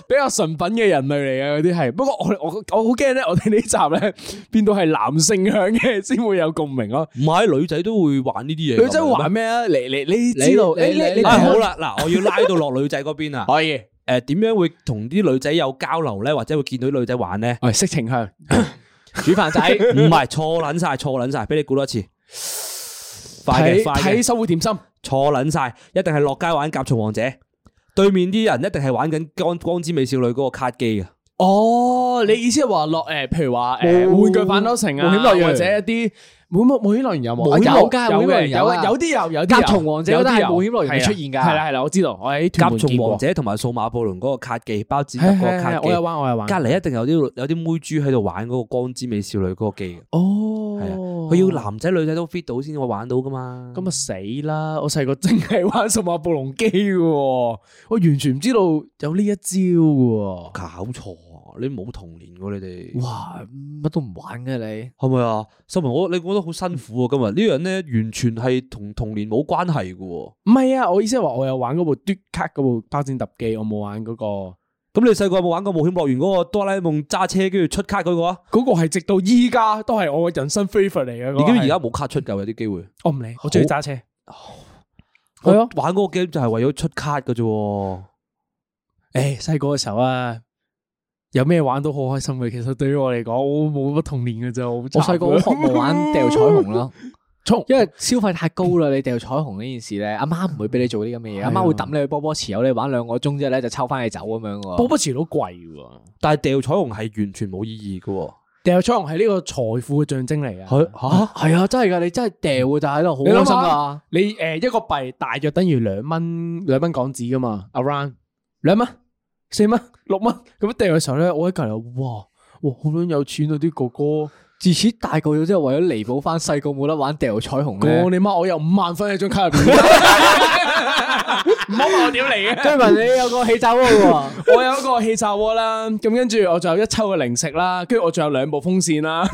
比較純品嘅人類嚟啊，嗰啲係。 不過我我我好驚咧，我哋呢集咧變到係男性向嘅，先會有共鳴咯。唔係，女仔都會玩呢啲嘢。女仔會玩咩啊？你你你知道你你你。好啦，嗱，我要拉到落女仔嗰邊啊。可以。誒，點、呃、樣會同啲女仔有交流咧？或者會見到女仔玩咧？誒，色情向煮飯 仔，唔係錯捻晒，錯捻晒，俾你估多次。睇睇社會點心，錯捻晒，一定係落街玩甲蟲王者。對面啲人一定係玩緊光光之美少女嗰個卡機啊！哦，你意思係話落誒，譬如話誒、呃，玩具反斗城啊，哦、或者一啲。冇冇冒險樂園有冇？啊、有噶有咩？有啊，有啲有，有啲有。有有甲蟲王者都有冒險樂園出現噶。係啦係啦，我知道。我喺屯門見過。甲蟲王者同埋數碼暴龍嗰個卡技，包之德嗰個卡技。我有玩，我有玩。隔籬一定有啲有啲妹豬喺度玩嗰個光之美少女嗰個技。哦。係啊，佢要男仔女仔都 fit 到先會玩到噶嘛。咁啊死啦！我細個淨係玩數碼暴龍機嘅，我完全唔知道有呢一招，啊。搞錯。你冇童年喎，你哋哇乜都唔玩嘅你，係咪啊？秀文我，你覺得好辛苦啊！今日呢樣咧，完全係同童年冇關係嘅。唔係啊，我意思係話我有玩嗰部奪卡嗰部《巴仙特機》，我冇玩嗰個。咁你細個有冇玩過冒險樂園嗰個哆啦 A 夢揸車跟住出卡嗰個啊？嗰個係直到依家都係我嘅人生 favor 嚟嘅。而家而家冇卡出噶，有啲機會。我唔理，我中意揸車。係啊，玩嗰個 game 就係為咗出卡嘅啫。誒，細個嘅時候啊。有咩玩都好開心嘅，其實對於我嚟講，我冇乜童年嘅啫。我細個好渴望玩掉彩虹啦， 因為消費太高啦。你掉彩虹呢件事咧，阿媽唔會俾你做啲咁嘅嘢，阿媽、啊、會抌你去波波池，有你玩兩個鐘之後咧，就抽翻你走咁樣。波波池都貴嘅，但係掉彩虹係完全冇意義嘅。掉彩虹係呢個財富嘅象徵嚟啊！吓，係啊，真係噶，你真係掉，就喺度好開心噶。你誒一個幣大約等於兩蚊兩蚊港紙噶嘛，around 兩蚊。四蚊六蚊咁掉嘅時候咧，我喺隔籬哇哇好捻有錢啊！啲哥哥自此大個咗之後，為咗彌補翻細個冇得玩掉彩虹咧，我你媽我有五萬分喺張卡入邊，唔好問我點嚟嘅。即 e m 你有個氣炸鍋喎， 我有一個氣炸鍋啦。咁跟住我仲有一抽嘅零食啦，跟住我仲有兩部風扇啦，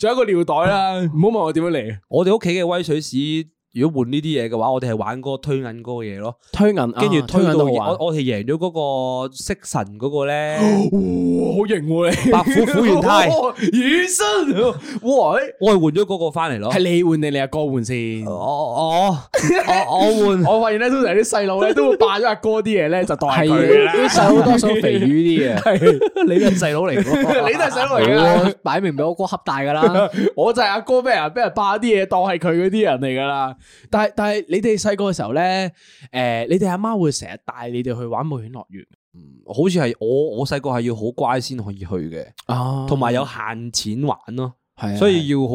仲 有一個尿袋啦。唔好問我點樣嚟我哋屋企嘅威水史。如果換呢啲嘢嘅話，我哋係玩嗰個推銀嗰個嘢咯，推銀，跟住推銀到我哋係贏咗嗰個色神嗰個咧，好型喎你，白虎虎元太，雨生，哇，我係換咗嗰個翻嚟咯，係你換定你阿哥換先？哦哦，我我換，我發現咧通常啲細佬咧都會霸咗阿哥啲嘢咧就當係佢，細佬都想肥魚啲嘢！你都係細佬嚟噶，你都係細佬嚟噶，擺明俾我哥恰大噶啦，我就係阿哥咩人，俾人霸啲嘢當係佢嗰啲人嚟噶啦。但係但係、呃，你哋細個嘅時候咧，誒，你哋阿媽會成日帶你哋去玩冒險樂園，嗯，好似係我我細個係要好乖先可以去嘅，哦、啊，同埋有限錢玩咯，係，是的 所以要好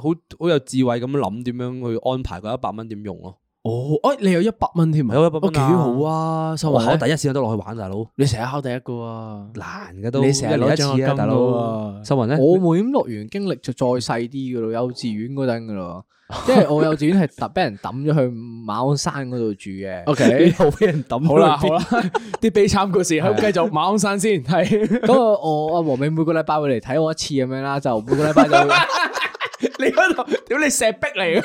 好好有智慧咁樣諗，點樣去安排嗰一百蚊點用咯。哦，誒、哎，你有一百蚊添，唔係有一百蚊啊，幾好啊，秀文，我考第一次我都落去玩，大佬，你成日考第一個啊，難噶都，你成日攞一次啊，大佬，秀文咧，我冒險樂園經歷就再細啲噶啦，幼稚園嗰陣噶啦。即係 我幼稚園係特俾人抌咗去馬鞍山嗰度住嘅，OK，被好俾人抌。好啦，好啦，啲悲慘故事，繼 是續馬鞍山先。係嗰 個我阿黃美每個禮拜會嚟睇我一次咁樣啦，就每個禮拜就會 你嗰度，屌你石壁嚟！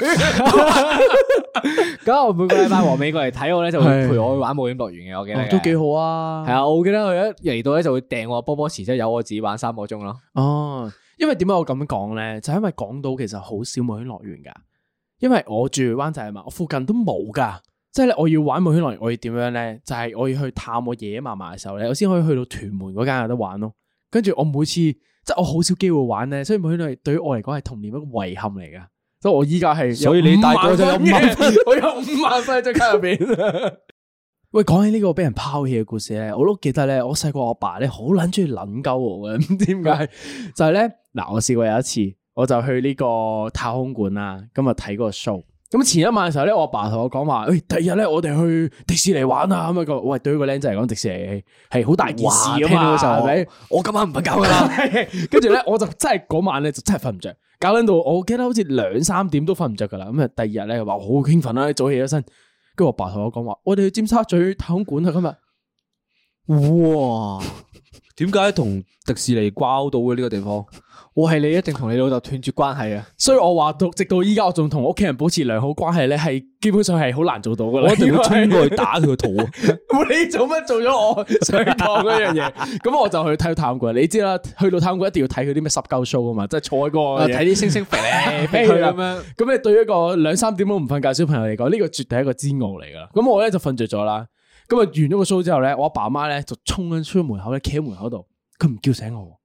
咁 我每個禮拜黃美過嚟睇我咧，就會陪我去玩冒險樂園嘅。是我記得、啊、都幾好啊，係啊，我記得佢一嚟到咧就會訂我波波池，即係有我自己玩三個鐘咯。哦，因為點解我咁講咧？就係、因為港島其實好少冒險樂園噶。因為我住灣仔啊嘛，我附近都冇噶，即係咧我要玩摩天輪，我要點樣咧？就係、是、我要去探我爺爺嫲嫲嘅時候咧，我先可以去到屯門嗰間有得玩咯。跟住我每次即係我好少機會玩咧，所以摩天輪對於我嚟講係童年一個遺憾嚟噶。所以，我依家係所以你大個咗有五萬，我有五萬蚊即隻卡入邊。喂，講起呢個俾人拋棄嘅故事咧，我都記得咧。我細個，阿爸咧好捻中意捻鳩我嘅，唔知點解就係咧嗱，我試過有一次。我就去呢個太空館啦，今日睇嗰個 show。咁前一晚嘅時候咧，我爸同我講話：，誒，第二日咧我哋去迪士尼玩啊！咁啊個，喂，對個僆仔嚟講，迪士尼係好大件事啊嘛。聽到嘅時候，係咪？我今晚唔瞓覺噶啦。跟住咧，我就真係嗰晚咧，就真係瞓唔着，搞到到我記得好似兩三點都瞓唔着噶啦。咁啊，第二日咧話好興奮啦，早起咗身，跟住我爸同我講話：，我哋去尖沙咀太空館啊！今日，哇，點解同迪士尼掛到嘅呢個地方？我係，你一定同你老豆斷絕關係啊！所以我話到，直到依家我仲同屋企人保持良好關係咧，係基本上係好難做到噶啦。我一定要衝過去打佢個肚啊！ 你做乜做咗我上堂嗰樣嘢？咁 我就去睇探過，你知啦，去到探過一定要睇佢啲咩濕鳩 show 啊嘛，即係坐喺個睇啲星星肥咧，俾佢咁樣。 咁你對一個兩三點都唔瞓覺小朋友嚟講，呢、這個絕對係一個煎熬嚟噶啦。咁我咧就瞓着咗啦。咁啊完咗個 show 之後咧，我阿爸阿媽咧就衝咗出門口企喺門口度，佢唔叫醒我。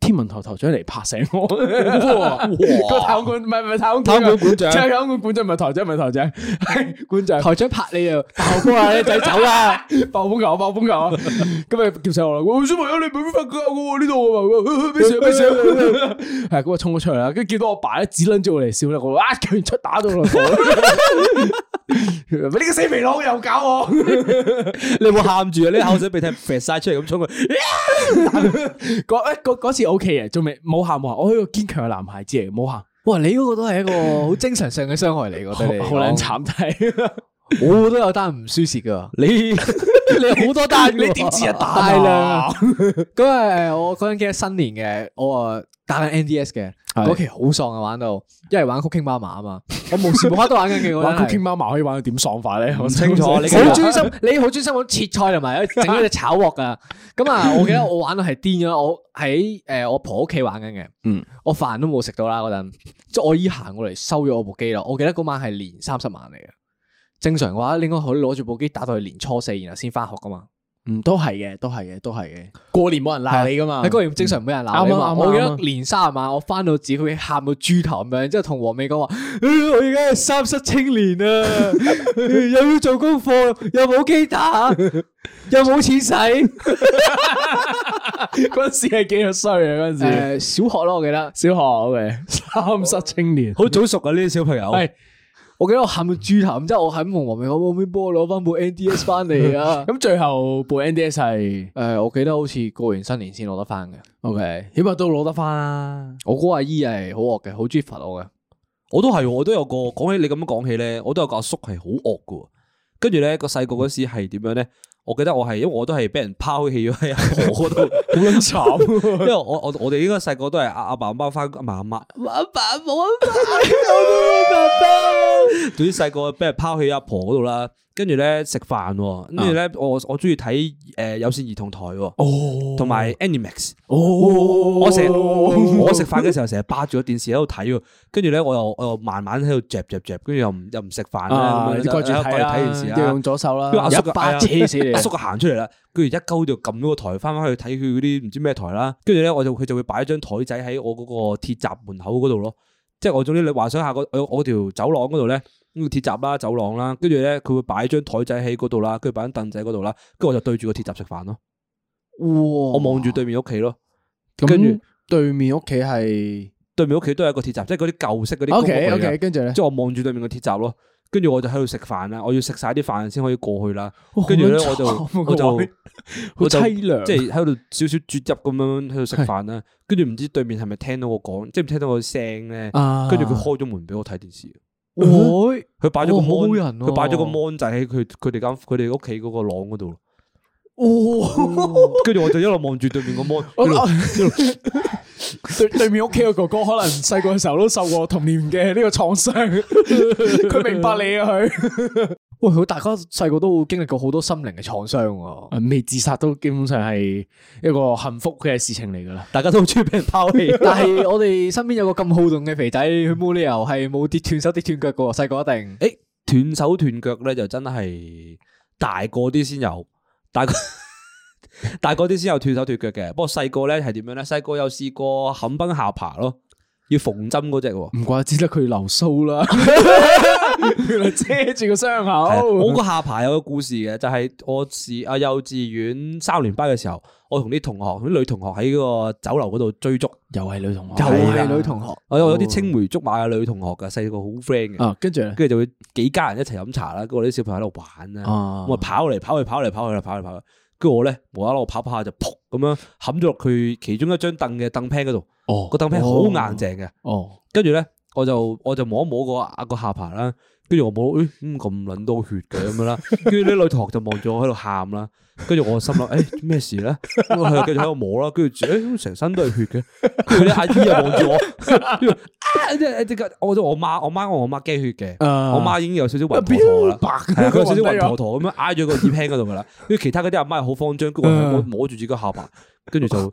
天文台台長嚟拍醒我！個太空館唔係唔係太空館長，太空館長唔係台長唔係台長係館長，台長拍你啊！爆光啊！你仔走啦！暴風球，暴風球，今日叫晒我啦！小朋友你冇咩髮膠噶喎？呢度啊嘛，咩事咩事？係咁啊，衝咗出嚟啦，跟住見到我爸咧，只捻住我嚟笑咧，我一拳出打到我。呢個死肥佬又搞我， 你有冇喊住啊？呢口水鼻涕撇晒出嚟，哎，咁沖佢。嗰次 O K 嘅，仲未冇喊嘛？我係個堅強嘅男孩子嚟，冇喊。哇，你嗰個都係一個好精神上嘅傷害嚟，我覺得好撚慘睇。我都有單唔輸蝕噶，你你好多單，你點知啊大啦？嗰日我嗰陣記得新年嘅，我話。打緊 NDS 嘅嗰期好喪啊，是的 玩到一係玩 Cooking Mama 啊嘛， 我冇事冇乜都玩緊嘅。我玩 Cooking Mama 可以玩到點喪法咧？好清楚。 你好專心， 心，你好專心玩切菜同埋整嗰隻炒鍋噶。咁 啊，我記得我玩到係癲咗，我喺誒、呃、我婆屋企玩緊嘅。嗯，我飯都冇食到啦嗰陣，即我已行過嚟收咗我部機咯。我記得嗰晚係年三十晚嚟嘅，正常嘅話你應該可以攞住部機打到去年初四，然後先翻學噶嘛。嗯，都係嘅，都係嘅，都係嘅。過年冇人鬧你噶嘛？喺過年正常俾人鬧，我記得年卅晚我翻到屋企喊到豬頭咁樣，之後同黃美講話，我而家三失青年啊，又要做功課，又冇機打，又冇錢使。嗰時係幾衰啊！嗰時，小學咯，我記得小學 okay 三失青年，好早熟啊！呢啲小朋友。我記得我喊到豬頭，咁之後我喊完黃片，我黃片幫我攞翻部 NDS 翻嚟啊！咁 最後部 NDS 係誒、呃，我記得好似過完新年先攞得翻嘅。OK，起碼都攞得翻啦。我嗰阿姨係好惡嘅，好中意罰我嘅。 我都係，我都有個。講起你咁樣講起咧，我都有個阿叔係好惡嘅。跟住咧個細個嗰時係點樣咧？我記得我係，因為我都係俾人拋棄咗喺阿婆嗰度，好卵慘。因為我我我哋應該細個都係阿阿爸阿媽翻阿嫲阿嫲，阿爸阿媽，我都冇得到。總之細個俾人拋棄阿婆嗰度啦。跟住咧食飯，哦，跟住咧我我中意睇誒有線兒童台，哦，同埋 Animax，我成我食飯嘅時候成日霸住個電視喺度睇，跟住咧我又我又慢慢喺度 jump jump jump 跟住又唔又唔食飯咧，你蓋住睇啊，啊用左手啦，一巴黐死你。啊，阿叔個行出嚟啦，跟住一鳩就撳到個台，翻翻去睇佢嗰啲唔知咩台啦，跟住咧我就佢就會擺一張檯仔喺我嗰個鐵閘門口嗰度咯，即係我總之你幻想下我我條走廊嗰度咧。咁個鐵閘啦，走廊啦，跟住咧佢會擺張台仔喺嗰度啦，跟住擺喺凳仔嗰度啦，跟住我就對住個鐵閘食飯咯。哇！我望住對面屋企咯，跟住對面屋企係對面屋企都係一個鐵閘，即係嗰啲舊式嗰啲。O K O K，跟住咧，即係我望住對面個鐵閘咯，跟住我就喺度食飯啦，我要食晒啲飯先可以過去啦。跟住咧我就我就好淒涼，即係喺度少少啜泣咁樣喺度食飯啦。跟住唔知對面係咪聽到我講，即係聽到我聲咧，跟住佢開咗門俾我睇電視。哦，佢擺咗個芒，佢擺咗個芒仔喺佢佢哋間佢哋屋企嗰個廊嗰度。哦，跟住我就一路望住對面個 mon，對對面屋企個哥哥，可能細個嘅時候都受過童年嘅呢個創傷，佢明白你啊佢。喂，好，大家細個都會經歷過好多心靈嘅創傷，未自殺都基本上係一個幸福嘅事情嚟噶啦。大家都好中意俾人拋棄，但係我哋身邊有個咁好動嘅肥仔，佢冇理由係冇跌斷手跌斷腳噶喎。細個一定，誒，斷手斷腳咧，就真係大個啲先有。大個大個啲先有脫手脫腳嘅，不過細個咧係點樣咧？細個有試過冚崩下爬咯，要縫針嗰隻喎，唔怪之得佢要留鬚啦。 原來遮住個傷口。 我個下排有個故事嘅，就係、是、我是啊幼稚園三年班嘅時候，我同啲同學，啲女同學喺個酒樓嗰度追逐，又係女同學，又係女同學。我有啲青梅竹馬嘅女同學噶，細個好 friend 嘅。跟住咧，跟住就會幾家人一齊飲茶啦。跟住啲小朋友喺度玩咧，啊、我咪跑嚟跑去，跑嚟跑去，跑嚟跑去。跟住我咧，無啦啦，我跑跑下就撲咁樣冚咗落佢其中一張凳嘅凳 pan 嗰度。哦，個凳 pan 好硬淨嘅。哦，跟住咧。我就我就摸一摸個個下巴啦，跟住我摸，誒咁咁撚多血嘅咁樣啦，跟住啲女同學就望住我喺度喊啦，跟住我心諗，誒、哎、咩事咧？我係繼續喺度摸啦，跟住誒成身都係血嘅，跟住啲阿姨又望住我，即係即刻，我咗我媽，我媽我我媽驚血嘅，我媽、呃、已經有少少暈陀陀啦，呃、有少少暈陀陀咁樣挨咗個耳聽嗰度噶啦，跟住其他嗰啲阿媽好慌張，跟住我摸住自己個下巴，跟住就。呃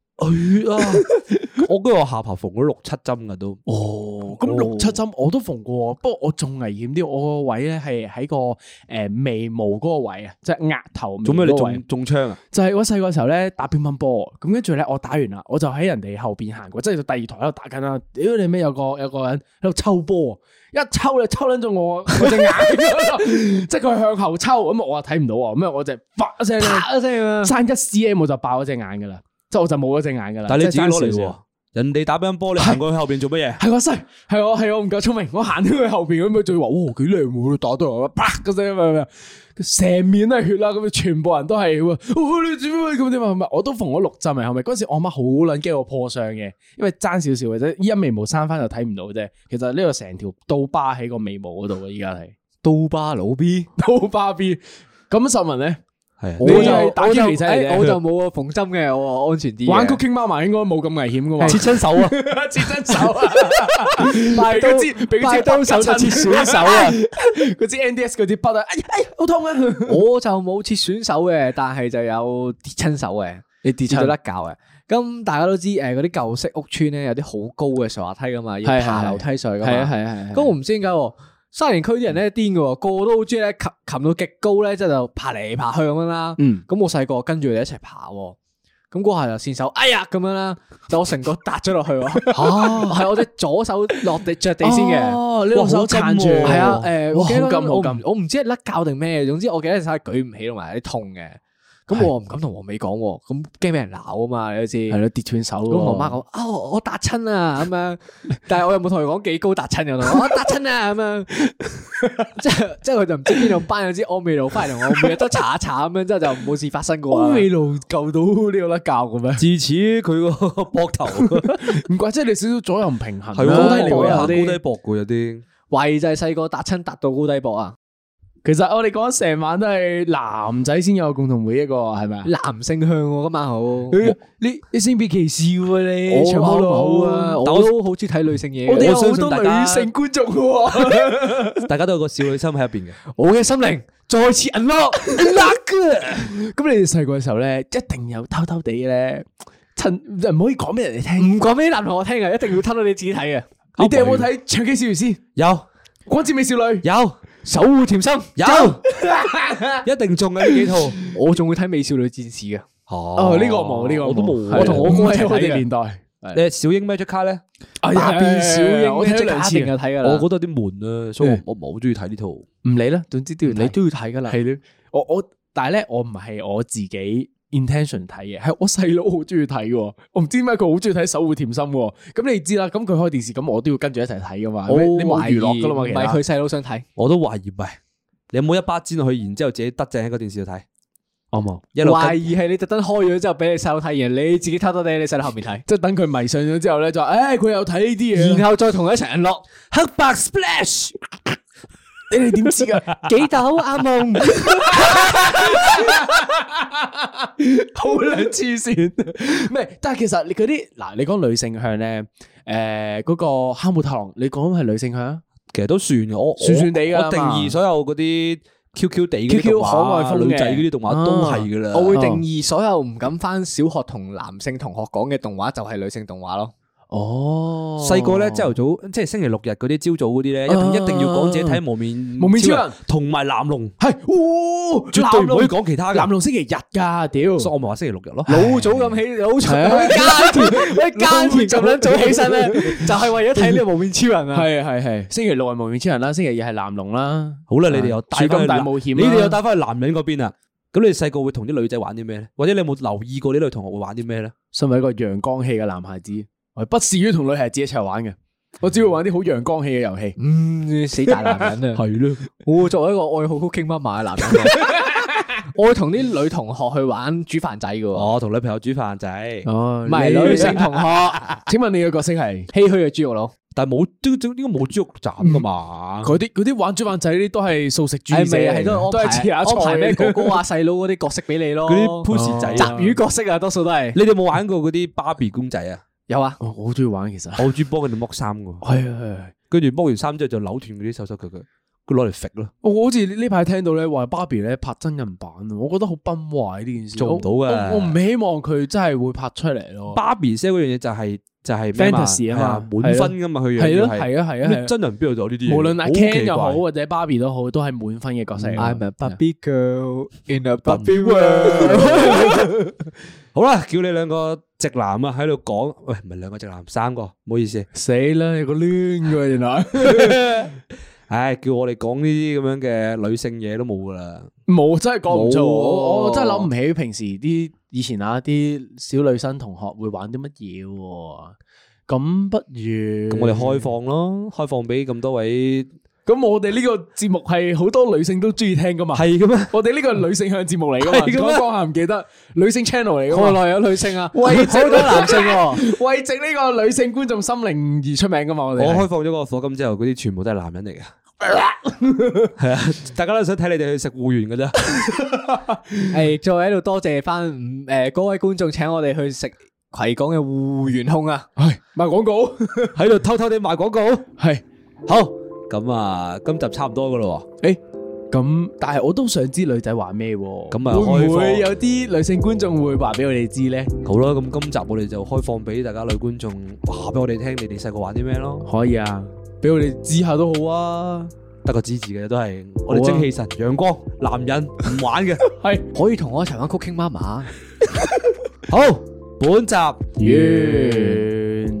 啊， 我跟住我下巴縫咗六七針噶都。哦，咁六七針我都縫過，不過我仲危險啲，我個位咧係喺個誒眉毛嗰個位啊，即係額頭。做咩你中中槍啊？就係我細個時候咧打乒乓波。咁跟住咧我打完啦，我就喺人哋後邊行過，即係第二台喺度打緊啦。屌、哎、你咩？有個有個人喺度抽波，一抽就抽撚咗我嗰隻眼。即係佢向後抽，咁我啊睇唔到啊，咁我就啪 一聲啪一聲啊，生一 cm 我就爆咗隻眼噶啦。之後我就冇咗隻眼噶啦，但係你自己攞嚟，人哋打緊波，你行過去後邊做乜嘢？係我西，係我係我唔夠聰明，我行咗去後邊咁樣，仲要話，哦，佢亮，我打到，啪嗰聲，係咪？成面都係血啦，咁樣，全部人都係、哦，你做咩？咁點啊？係咪？我都縫咗六針啊，係咪？嗰陣時我媽好撚驚我破相嘅，因為爭少少或者依家眉毛生翻就睇唔到啫。其實呢個成條刀疤喺個眉毛嗰度啊，依家係刀疤老 B，刀疤 B。咁秀文咧？係、欸，我就打機其實，我就冇縫針嘅，我安全啲。玩 Cooking Mama 應該冇咁危險噶嘛？切親手啊， 切親手啊！ 都知之，快刀手切損手啊！嗰支 NDS 嗰支筆啊哎呀，哎哎，好痛啊！我就冇切損手嘅，但係就有跌親手嘅，你跌親咗甩臼嘅。咁大家都知，誒嗰啲舊式屋村咧，有啲好高嘅上滑梯噶嘛，要爬樓梯上去噶嘛，係啊係啊。咁我唔知點解喎。沙田區啲人咧癲嘅喎，個個都好中意咧，擒擒到極高咧，即係就爬嚟爬去咁樣啦。咁、嗯、我細個跟住佢哋一齊爬，咁嗰下就先手哎呀咁樣啦，就我成個揼咗落去喎。嚇，係我隻左手落地着地先嘅。哦，呢個手撐住。係啊，誒，我記得我我唔知甩骹定咩，總之我記得就係舉唔起同埋有啲痛嘅。咁我唔敢同王美講，咁驚俾人鬧啊嘛！你知係咯跌斷手媽。咁我媽講：哦，我笪親啊咁樣。嗯、 但係我又冇同佢講幾高笪親，又我笪親啊咁樣。即係即係佢就唔知邊度班有支安美露翻嚟，同我，每日都查一查咁樣，之後就冇事發生過。安美露救到呢個甩教嘅咩？自此佢個膊頭唔怪，即係你少少左右唔平衡、啊。係高低薄有啲，有有高低薄嘅有啲。為就係細個笪親笪到高低薄啊！其實我哋講成晚都係男仔先有共同回憶個係咪啊？男性向，今晚好，你你先俾歧視啊你，好啊，我都好中意睇女性嘢，我哋有好多女性觀眾噶，大家都有個少女心喺入邊嘅。我嘅心靈再次 unlock unlock！咁你哋細個嘅時候咧，一定有偷偷地咧，趁唔可以講俾人哋聽，唔講俾男朋友聽啊，一定要偷到你自己睇嘅。你哋有冇睇《長頸少女》先？有《光之美少女》有。守護甜心有，一定中嘅呢幾套。我仲會睇美少女戰士嘅。哦，呢個冇，呢個，我都冇。我同我哥一齊睇嘅年代。誒，小櫻咩出卡咧？哎呀，變小櫻我睇咗兩次啊！睇噶，我覺得有啲悶啊，所以我唔係好中意睇呢套。唔理啦，總之都要睇，都要睇噶啦。係咯，我我但係咧，我唔係我自己，intention 睇嘅，係我細佬好中意睇，我唔知點解佢好中意睇守護甜心，咁你知啦，咁佢開電視，咁我都要跟住一齊睇噶嘛，你冇娛樂噶啦嘛，唔係佢細佬想睇，我都懷疑，唔係你有冇一巴尖落去，然之後自己得正喺個電視度睇，我冇、哦，懷嗎疑係你特登開咗之後俾你細佬睇，然你自己偷偷地喺你細佬後面睇，即係 等佢迷上咗之後咧就，誒佢又睇呢啲嘢，然後再同佢一齊落。黑白 splash。你哋點知啊？幾逗阿夢，好卵痴線，唔係，但係其實你嗰啲嗱，你講女性向咧，誒，嗰個哈姆太郎，你講係女性向，其實都算嘅，我算算地噶啦。我定義所有嗰啲 Q Q 地 Q Q 可愛番女仔嗰啲動畫都係噶啦。我會定義所有唔敢返小學同男性同學講嘅動畫就係女性動畫咯。哦，細個咧，朝頭早即係星期六日嗰啲朝早嗰啲咧，一定一定要講自己睇《幪面幪面超人》同埋《藍龍》，係，絕對唔可以講其他。藍龍星期日噶，屌！所以我咪話星期六日咯。老早咁起好長，加甜喂，加甜就諗早起身啦。就係為咗睇呢《幪面超人》啊！係係係，星期六係幪面超人啦，星期二係藍龍啦。好啦，你哋又大驚大冒險，你哋又帶返去男人嗰邊啊？咁你哋細個會同啲女仔玩啲咩咧？或者你有冇留意過呢類同學會玩啲咩咧？身為一個陽光氣嘅男孩子。我不屑於同女孩子一齊玩嘅，我只會玩啲好陽光氣嘅遊戲。嗯，死大男人啊！係咯，我作為一個愛好好傾媽媽嘅男人，我會同啲女同學去玩煮飯仔嘅。我同女朋友煮飯仔，唔係女性同學。請問你嘅角色係唏噓嘅豬肉佬，但係冇都都應該冇豬肉斬噶嘛？啲嗰啲玩煮飯仔啲都係素食主義，係都都係安排咩哥哥啊、細佬嗰啲角色俾你咯。嗰啲 push 仔、雜魚角色啊，多數都係。你哋有冇玩過嗰啲芭比公仔啊？有啊，我好中意玩其實，我好中意幫佢哋剝衫噶。係啊係，跟住剝完衫之後就扭斷佢啲手手腳腳，佢攞嚟搣咯。我好似呢排聽到咧話芭比咧拍真人版，我覺得好崩壞呢件事。做唔到噶，我唔希望佢真係會拍出嚟咯。芭比 sell 嗰樣嘢就係就係 fantasy 啊嘛，滿分噶嘛，佢嘢係咯係咯係咯，真人邊度有呢啲？無論阿 Ken 又好或者芭比都好，都係滿分嘅角色。I'm a Barbie girl in a Barbie world。好啦，叫你兩個直男啊喺度講，喂，唔係兩個直男，三個，唔好意思，死啦，你個亂噶原來，唉、 哎，叫我哋講呢啲咁樣嘅女性嘢都冇噶啦，冇，真係講唔到，我真係諗唔起平時啲以前啊啲小女生同學會玩啲乜嘢？咁不如咁我哋開放咯，開放俾咁多位。咁我哋呢個節目係好多女性都中意聽噶嘛？係嘅咩？我哋呢個女性向節目嚟噶嘛？係嘅咩？講下唔記得女性 channel 嚟嘅嘛？內有女性啊，為好多男性，慰藉呢個女性觀眾心靈而出名噶嘛？我哋我開放咗個鎖金之後，嗰啲全部都係男人嚟嘅。係啊，大家都想睇你哋去食芋圓噶啫。誒，再喺度多謝翻誒各位觀眾，請我哋去食葵港嘅芋圓控啊！唉，賣廣告喺度偷偷地賣廣告，係好。咁啊，今集差唔多噶咯喎。誒、欸，咁但係我都想知女仔玩咩？咁啊會唔會有啲女性觀眾會話俾我哋知咧？好啦，咁今集我哋就開放俾大家女觀眾話俾我哋聽，你哋細個玩啲咩咯？可以啊，俾我哋知下都好啊，得個支持嘅都係、啊、我哋精氣神、陽光男人唔玩嘅係 是可以同我一齊玩 Cooking Mama。 好，本集完。完